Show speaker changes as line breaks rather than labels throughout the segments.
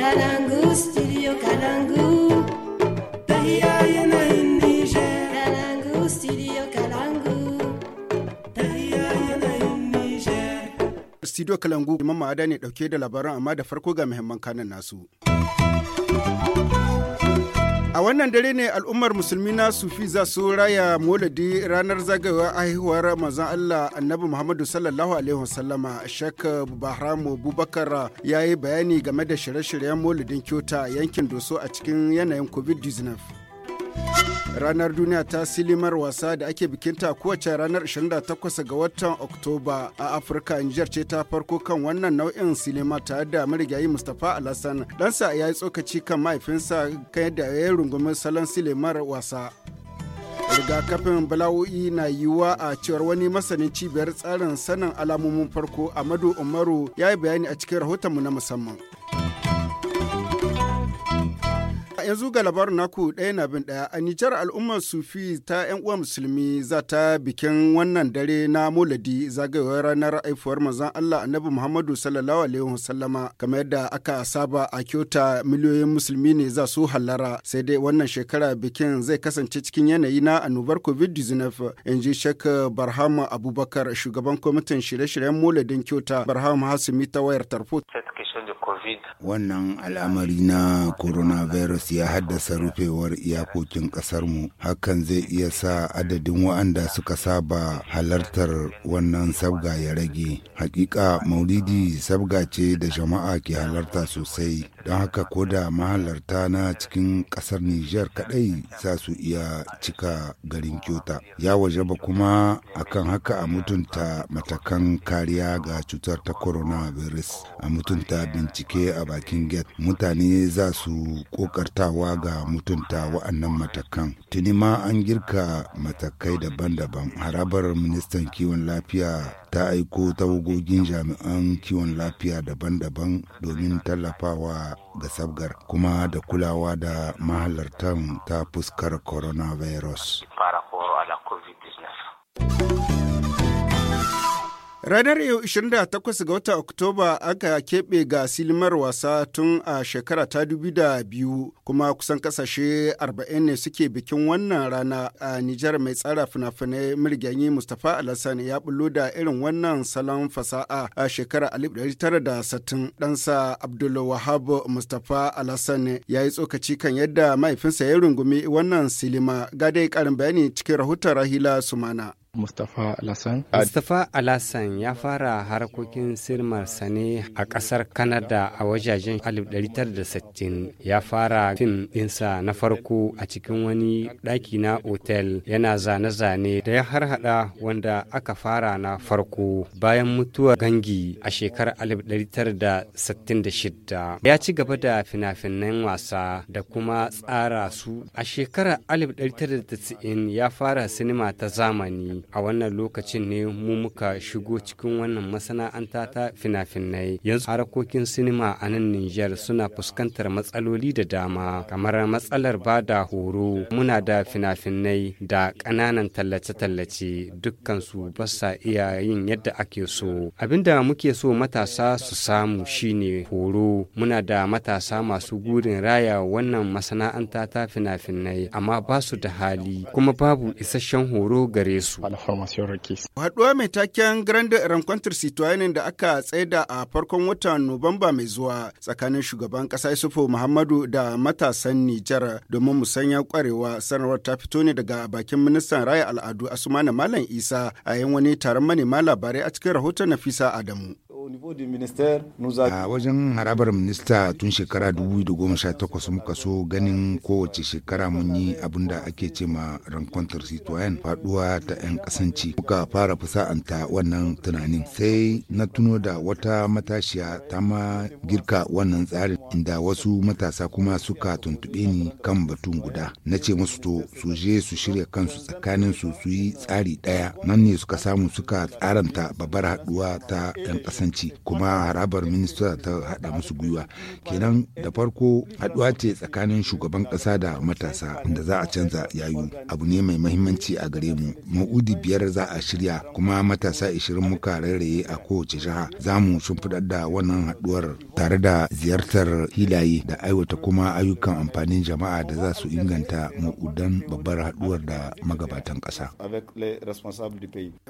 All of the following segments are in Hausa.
Kalangu, studio Kalangu. Tahia yanayin Niger. Kalangu, studio Kalangu. Tahia yanayin Niger.
Studio Kalangu, Imam Ma'ada ne ɗauke da labaran amma da farko ga muhimman kanan nasu. A wannan dare ne al'ummar musulmi na sufi za su raya moladi ranar zagayowar haihuwar manzon Allah Annabi Muhammadu sallallahu alaihi wasallama Bahramu Bubakar ya yi bayani game da shirye-shiryen molidin kyota yankin Doso a cikin yanayin COVID-19. Ranar duniya ta silimar wasa da ake bikinta kowace ranar 28 ga watan Oktoba a Afirka Nijar ce ta farko kan wannan nau'in silima tare da marigayi Mustapha Alassan. Ɗansa ya yi tsokaci kan mahaifinsa kan yadda ya rungumin salon silimar wasa. rigakafin bala'o'i na yiwuwa a cewar wani masanin cibiyar tsarin sanin alamomin farko amadu umaru ya yi bayani a cikin rahotonmu na musamman yanzu ga labarin naku ɗaya na bin ɗaya a Nijar al'ummar Sufi ta 'yan uwa musulmi za ta bikin wannan dare na Moladi zagayowar ranar haifuwar manzon Allah Annabi Muhammadu sallallahu alaihi wasallama kamar yadda aka saba a kyauta miliyoyin musulmi ne za su hallara sai dai wannan shekara bikin zai kasance cikin yanayi na annobar COVID-19 in ji shek Barhama Abubakar shugaban kwamitin shirye-shiryen Moladin kyauta Barhama Hasumi ta wayar tarfo.
covid wannan al'amari na coronavirus ya haddasa rufewar iyakokin ƙasarmu hakan zai iya sa adadin waɗanda suka saba halartar wannan sabga ya rage hakika maulidi sabga ce da jama'a ke halarta sosai don haka ko da mahalarta na cikin ƙasar Nijar kaɗai za su iya cika garin kyota ya waje ba kuma akan haka a mutunta matakan kariya ga cutar ta coronavirus a mutunta bincike bincike a bakin gate mutane za su kokartawa ga mutunta wa'annan matakan tuni ma an girka matakai daban-daban harabar ministan kiwon lafiya ta aiko tawagogin jami'an kiwon lafiya daban-daban domin tallafawa ga sabgar kuma da kulawa da mahalartan ta fuskar coronavirus.
Ranar yau 28 ga wata Oktoba aka keɓe ga silimar wasa tun a shekara ta biyu kuma kusan kasashe 40 ne suke bikin wannan rana a Nijar mai tsara fina-finai mirganyi Mustapha Alassan ya bullo da irin wannan salon fasa'a a shekara 1960 ɗansa Abdul Wahab Mustapha Alassan ya yi tsokaci kan yadda mahaifinsa ya rungumi wannan silima ga dai ƙarin bayani cikin rahoton Rahila Sumana.
Mustapha Alassan.
Mustapha Alassan ya fara harkokin sirmar sane a ƙasar Kanada a wajajen 1960. Ya fara fim ɗinsa na farko a cikin wani ɗaki na otel yana zane-zane da ya harhaɗa wanda aka fara na farko bayan mutuwar gangi a shekarar 1966. Ya ci gaba da fina-finan wasa da kuma tsara su. A shekarar 1990 ya fara sinima ta zamani. a wannan lokacin ne mu muka shigo cikin wannan masana'anta ta fina-finai yanzu harkokin sinima a nan Nijar suna fuskantar matsaloli da dama kamar matsalar ba da horo muna da fina-finai da ƙananan tallace-tallace dukkansu ba sa iya yin yadda ake so abinda muke so matasa su samu shine horo muna da matasa masu gurin raya wannan masana'anta ta fina-finai amma ba su da hali kuma babu isasshen horo gare su la
Haɗuwa mai taken grand Rencontre Citoyen da aka tsaida a farkon watan Nuwamba mai zuwa tsakanin shugaban ƙasa Isufu Muhammadu da matasan Nijar domin musanya kwarewa sanarwar ta fito ne daga bakin ministan raya al'adu Asumana Malam Isa a yin wani taron manema labarai a cikin rahoton Nafisa Adamu.
A
wajen harabar minista tun shekara 2018 muka so ganin kowace shekara mun yi abin da ake ce ma rancontar citoyen faduwa ta 'yan kasanci. Muka fara fusa'anta wannan tunanin. Sai na tuno da wata matashiya ta ma girka wannan tsarin inda wasu matasa kuma suka tuntuɓe ni kan batun guda. Na ce musu to su je su shirya kansu tsakanin su su yi tsari ɗaya. Nan ne suka samu suka tsaranta babbar haɗuwa ta 'yan kasanci. kuma harabar minista ta hada musu gwiwa kenan da farko haɗuwa ce tsakanin shugaban kasa da matasa da za a canza yayu abu ne mai mahimmanci a gare mu ma'udi biyar za a shirya kuma matasa ishirin muka rairaye a kowace jiha za mu shimfiɗar da wannan haɗuwar tare da ziyartar hilaye da aiwata kuma ayyukan amfanin jama'a da za su inganta ma'udan babbar haɗuwar da magabatan kasa.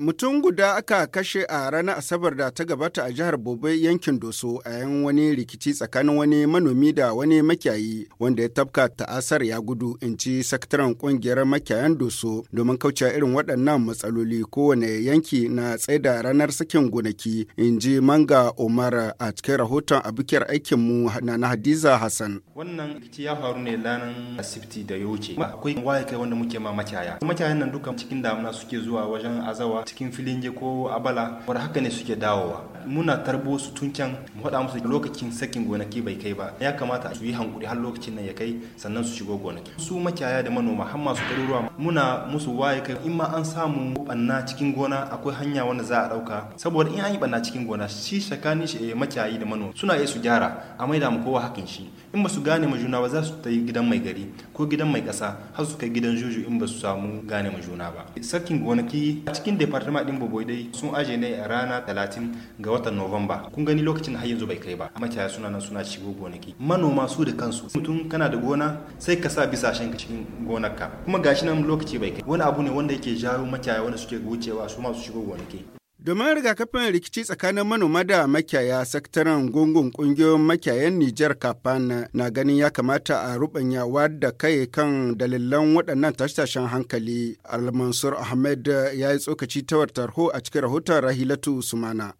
Mutum guda aka kashe a ranar Asabar da ta gabata jihar Bobe yankin Doso a yan wani rikici tsakanin wani manomi da wani makiyayi wanda ya tafka ta'asar ya gudu in ci sakataren kungiyar makiyayan Doso domin kauce irin waɗannan matsaloli kowane yanki na tsaida ranar sakin gonaki in ji Manga Omar a cikin rahoton abokiyar aikinmu na Hadiza Hassan.
Wannan rikici ya faru ne lanin asibiti da yauce. Akwai waye kai wanda muke ma makiyaya. Makiyayan nan dukkan cikin damuna suke zuwa wajen azawa cikin filin ko abala. War haka ne suke dawowa. muna tarbo su tun can mu faɗa musu lokacin sakin gonaki bai kai ba ya kamata su yi hankuri har lokacin nan ya kai sannan su shigo gonaki su makiyaya da manoma har masu ɗaruruwa muna musu waye kai in ma an samu banna cikin gona akwai hanya wanda za a ɗauka saboda in an yi banna cikin gona shi shakani shi eh, makiyayi da manoma suna iya su gyara a maida mu kowa hakin shi in ba su gane ma juna ba za su ta yi gidan mai gari ko gidan mai ƙasa har su kai gidan juju in ba su samu gane ma juna ba sakin gonaki a cikin department ɗin boboi dai sun aje ne a rana 30 ga watan watan Nuwamba kun gani lokacin har yanzu bai kai ba mataya suna nan suna shigo gonaki manoma su da kansu mutum kana da gona sai ka sa bisashen ka cikin gonarka kuma gashi nan lokaci bai kai wani abu ne wanda yake jawo mataya wanda suke wucewa su ma su shigo gonaki
Domin rigakafin rikici tsakanin manoma da makiyaya sakataren gungun kungiyoyin makiyayan Nijar kafan na ganin ya kamata a rubanya da kai kan dalilan waɗannan tashashen hankali. Almansur Ahmed ya yi tsokaci ta tarho a cikin rahoton Rahilatu Sumana.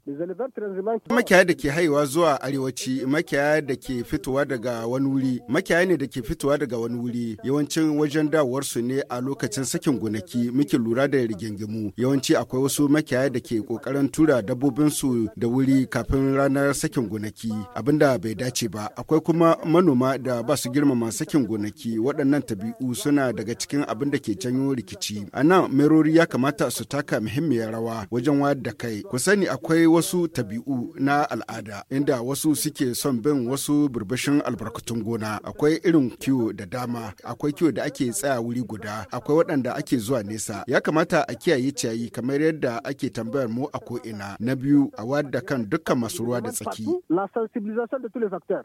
Makiyaya da ke haiwa zuwa arewaci, makiyaya da ke fitowa daga wani wuri, makiyaya ne da ke fitowa daga wani wuri, yawancin wajen dawowarsu ne a lokacin sakin gonaki muke lura da rigingimu, yawanci akwai wasu makiyaya da ke kokarin tura dabbobinsu da wuri kafin ranar sakin gonaki abinda bai dace ba akwai kuma manoma da ba su girmama sakin gonaki waɗannan tabi'u suna daga cikin abin da ke janyo rikici a nan merori ya kamata su taka muhimmiyar rawa wajen wayar da kai ku sani akwai wasu tabi'u na al'ada inda wasu suke son bin wasu burbushin albarkatun gona akwai irin kiwo da dama akwai kiwo da ake tsaya wuri guda akwai waɗanda ake zuwa nesa ya kamata a kiyaye ciyayi kamar yadda ake tambayar mu mu a ko'ina. Na biyu, a wadda kan dukkan masu ruwa da tsaki.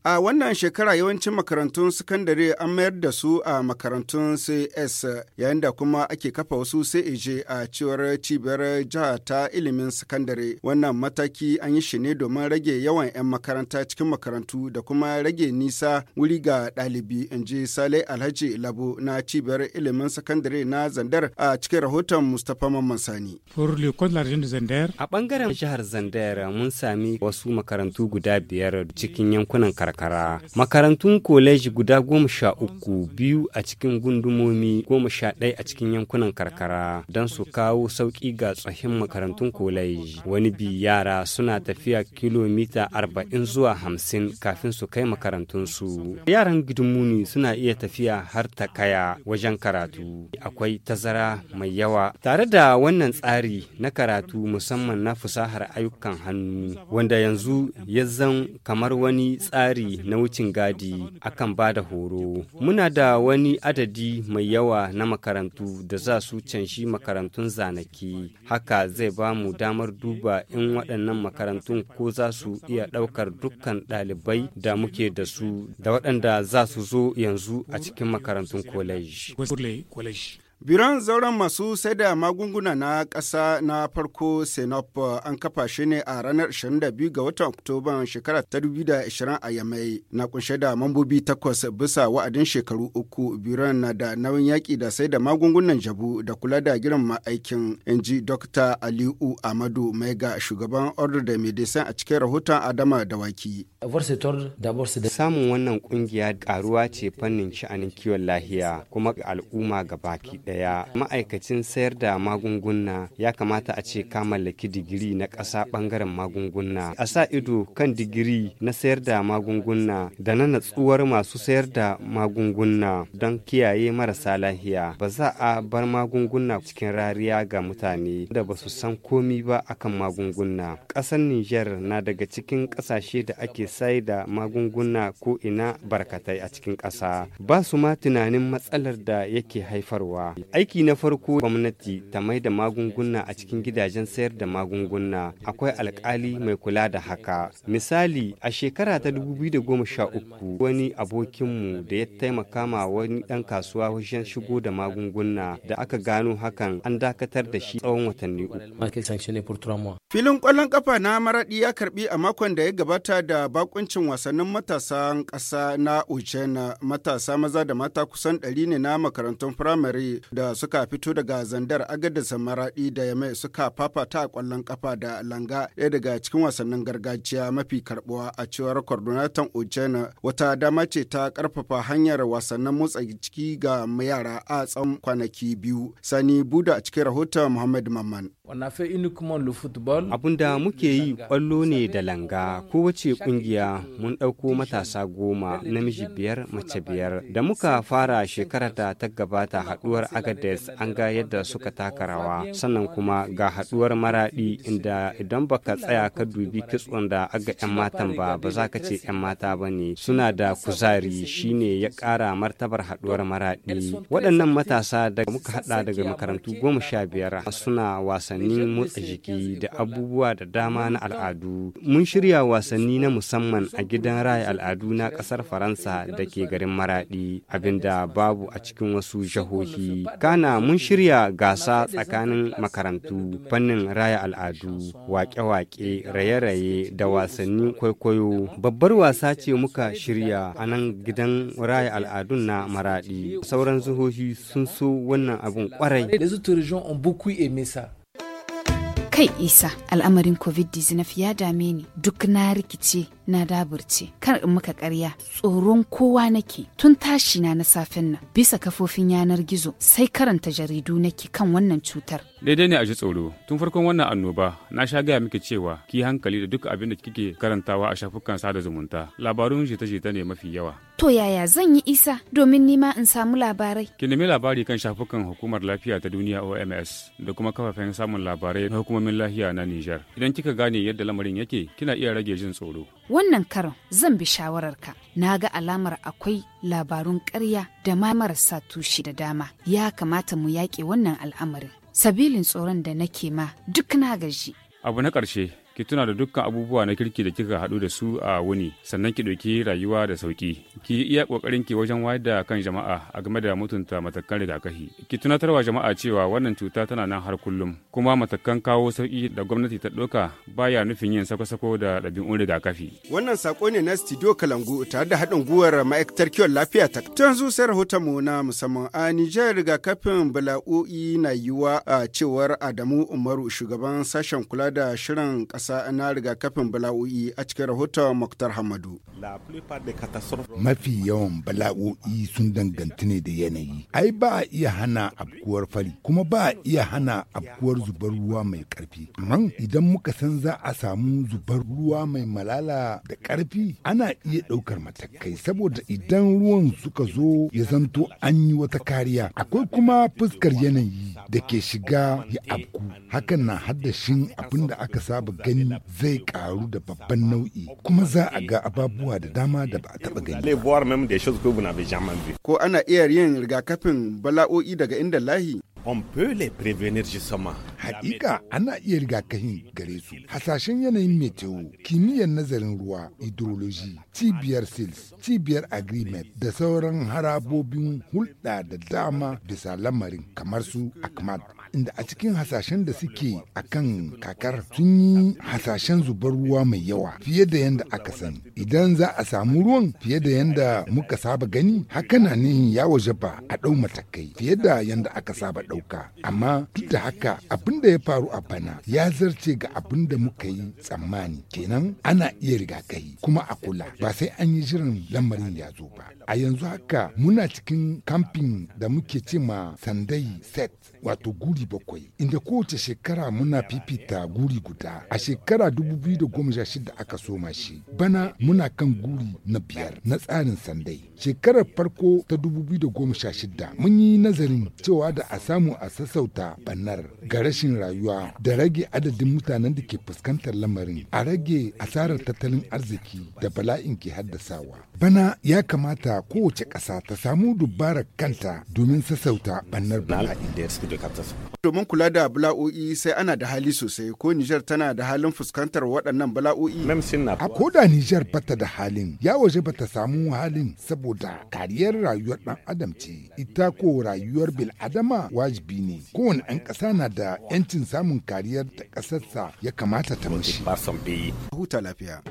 A wannan shekara yawancin makarantun sakandare an mayar da su a makarantun CS yayin da kuma ake kafa wasu CAJ e a cewar cibiyar jiha ta ilimin sakandare. Wannan mataki an yi shi ne domin rage yawan 'yan makaranta cikin makarantu da kuma rage nisa wuri ga ɗalibi in ji Sale Alhaji Labo na cibiyar ilimin sakandare na Zandar a cikin rahoton Mustapha Mamman Sani.
A bangaren jihar Zandayar mun sami wasu makarantu guda biyar cikin yankunan karkara. Makarantun koleji guda goma sha uku biyu a cikin gundumomi goma sha ɗaya a cikin yankunan karkara don su kawo sauƙi ga tsohin makarantun koleji. Wani bi yara suna tafiya kilomita arba'in zuwa hamsin kafin su kai makarantunsu. Yaran gidumuni suna iya tafiya har ta kaya wajen karatu. Akwai tazara mai yawa. Tare da wannan tsari na karatu musamman musamman na fusahar ayyukan hannu wanda yanzu ya zan kamar wani tsari na wucin gadi akan ba da horo. Muna da wani adadi mai yawa na makarantu da za su canshi makarantun zanaki haka zai ba mu damar duba in waɗannan makarantun ko za su iya ɗaukar dukkan ɗalibai da muke da su da waɗanda za su zo yanzu a cikin makarantun kwaleji.
Biran zauren masu saida magunguna na ƙasa na farko Senop an kafa shi ne a ranar 22 ga watan Oktoban shekara ta 2020 a Yamai. Na kunshe da mambobi takwas bisa wa'adin shekaru uku biran na da nauyin yaƙi da saida magungunan jabu da kula da girin ma'aikin in ji Dr. Aliu Amadu Maiga shugaban Order da Medicine a cikin rahoton Adama Dawaki.
Samun wannan kungiya karuwa ce fannin sha'anin kiwon lahiya kuma al'umma gabaki daya ma'aikacin sayar da magunguna ya kamata a ce ka mallaki digiri na ƙasa ɓangaren magunguna a sa ido kan digiri na sayar da magunguna da na natsuwar masu sayar da magunguna don kiyaye marasa lahiya ba za a bar magunguna cikin rariya ga mutane da ba su san komi ba akan magunguna ƙasar niger na daga cikin ƙasashe da ake sai da magunguna ko ina barkatai a cikin ƙasa ba su ma tunanin matsalar da yake haifarwa Aiki na farko gwamnati ta mai da magunguna a cikin gidajen sayar da magunguna akwai alkali mai kula da haka. Misali a shekara ta 2013 wani abokinmu da ya taimaka ma wani dan kasuwa wajen shigo da magunguna da aka gano hakan an dakatar da shi tsawon watanni uku.
Filin kwallon kafa na maraɗi ya karbi a makon da ya gabata da bakuncin wasannin matasan ƙasa na Ujena matasa maza da mata kusan ɗari ne na makarantun firamare da suka fito daga zandar agadasa samaradi da yamai suka fafata a kwallon kafa da langa ɗaya daga cikin wasannin gargajiya mafi karbuwa a cewar coordinator ojena wata dama ce ta karfafa hanyar wasannin motsa ciki ga yara a tsawon kwanaki biyu sani buda a cikin rahoton muhammad mamman
abun da muke yi kwallo ne da langa kowace kungiya mun ɗauko matasa goma namiji biyar mace biyar da muka fara shekarar da ta gabata haɗuwar agades an ga yadda suka taka rawa sannan kuma ga haduwar maradi inda idan baka tsaya ka dubi kitson da aga yan matan ba ba za ka ce yan mata ba ne suna da kuzari shine ya kara martabar haduwar maradi waɗannan matasa da muka hada daga makarantu goma sha biyar suna wasannin motsa jiki da abubuwa da dama na al'adu mun shirya wasanni na musamman a gidan raya al'adu na ƙasar faransa da ke garin maradi abinda babu a cikin wasu jihohi kana mun shirya gasa tsakanin makarantu fannin raya al'adu Waƙe-waƙe, raye-raye da wasannin kwaikwayo babbar wasa ce muka shirya a nan gidan raya al'adun na maradi sauran zuhohi sun so wannan abin kwarai
kai isa al'amarin covid-19 ya dame ni duk na rikice na daburce kar in muka karya tsoron kowa nake tun tashi na na safen nan bisa kafofin yanar gizo sai karanta jaridu nake kan wannan cutar daidai ne a ji tsoro tun farkon wannan annoba na sha gaya miki cewa ki hankali da duk abin da kike karantawa a shafukan sada zumunta labarun jita-jita ne mafi yawa to yaya zan yi isa domin nima in samu labarai ki nemi labari kan shafukan hukumar lafiya ta duniya OMS da kuma kafafen samun labarai na hukumomin lafiya na niger idan kika gane yadda lamarin yake kina iya rage jin tsoro wannan karon zan bi shawararka na ga alamar akwai labarun karya da ma marasa tushe da dama ya kamata mu yaƙe wannan al'amarin sabilin tsoron da nake ma duk na gaji abu na ƙarshe ki tuna da dukkan abubuwa na kirki da kika haɗu da su a wuni sannan ki ɗauki rayuwa da sauƙi ki iya ƙoƙarin ki wajen wayar da kan jama'a a game da mutunta matakan rigakafi ki tunatarwa jama'a cewa wannan cuta tana nan har kullum kuma matakan kawo sauki da gwamnati ta ɗauka baya nufin yin sako-sako da ɗabi'un rigakafi. wannan sako ne na studio kalangu tare da haɗin gwiwar ma'aikatar kiwon lafiya ta tun zu sai rahoton mu na musamman a nijar rigakafin bala'o'i na yiwuwa a cewar adamu umaru shugaban sashen kula da shirin ƙasa matasa na rigakafin bala'o'i a cikin rahoton Muktar Hamadu.
Mafi yawan bala'o'i sun danganci ne da yanayi. Ai ba a iya hana abkuwar fari, kuma ba a iya hana abkuwar zubar ruwa mai karfi. Amma idan muka san za a samu zubar ruwa mai malala da karfi, ana iya ɗaukar matakai saboda idan ruwan suka zo ya zanto an yi wata kariya. Akwai kuma fuskar yanayi da ke shiga ya afku hakan na haddashin abin da aka saba gani zai karu da babban nau'i kuma za a ga ababuwa da dama da ba a taba gani ko ana iya yin rigakafin
bala'o'i daga inda lahi on peut les prévenir justement Haƙiƙa
ana iya rigakahi gare su. Hasashen yanayin meteo, kimiyyar nazarin ruwa, hydrology, cibiyar sils, cibiyar agreement da sauran harabobin hulɗa da dama bisa lamarin kamar su akmat Inda a cikin hasashen da suke a kan kakar sun yi hasashen zubar ruwa mai yawa fiye da yadda aka sani. Idan za a samu ruwan fiye da yadda muka saba gani, haka na nihin ya waje ba a ɗau matakai fiye da yadda aka saba ɗauka. Amma duk da haka abin abin da ya faru a bana ya zarce ga abin da muka yi tsammani kenan ana iya rigakahi kuma a kula ba sai an yi jiran lamarin ya zo ba a yanzu haka muna cikin kamfin da muke ce ma sandai set wato guri bakwai inda kowace shekara muna fifita guri guda a shekara 2016 aka soma shi bana muna kan guri na biyar na tsarin sandai shekarar farko ta 2016 mun yi nazarin cewa da a samu a sassauta bannar ga rashin rashin rayuwa da rage adadin mutanen da ke fuskantar lamarin a rage asarar tattalin arziki da bala'in ke haddasawa. Bana ya kamata kowace ƙasa ta samu dubarar kanta domin sassauta bannar bala'in.
Domin kula da bala'o'i sai ana da hali sosai ko Nijar tana da halin fuskantar waɗannan bala'o'i. A
da Nijar bata da halin ya waje bata samu halin saboda kariyar rayuwar ɗan adam ce ita ko rayuwar bil'adama wajibi ne kowane ɗan ƙasa na da 'yancin samun kariyar ta ƙasarsa ya kamata ta mashi. Huta lafiya.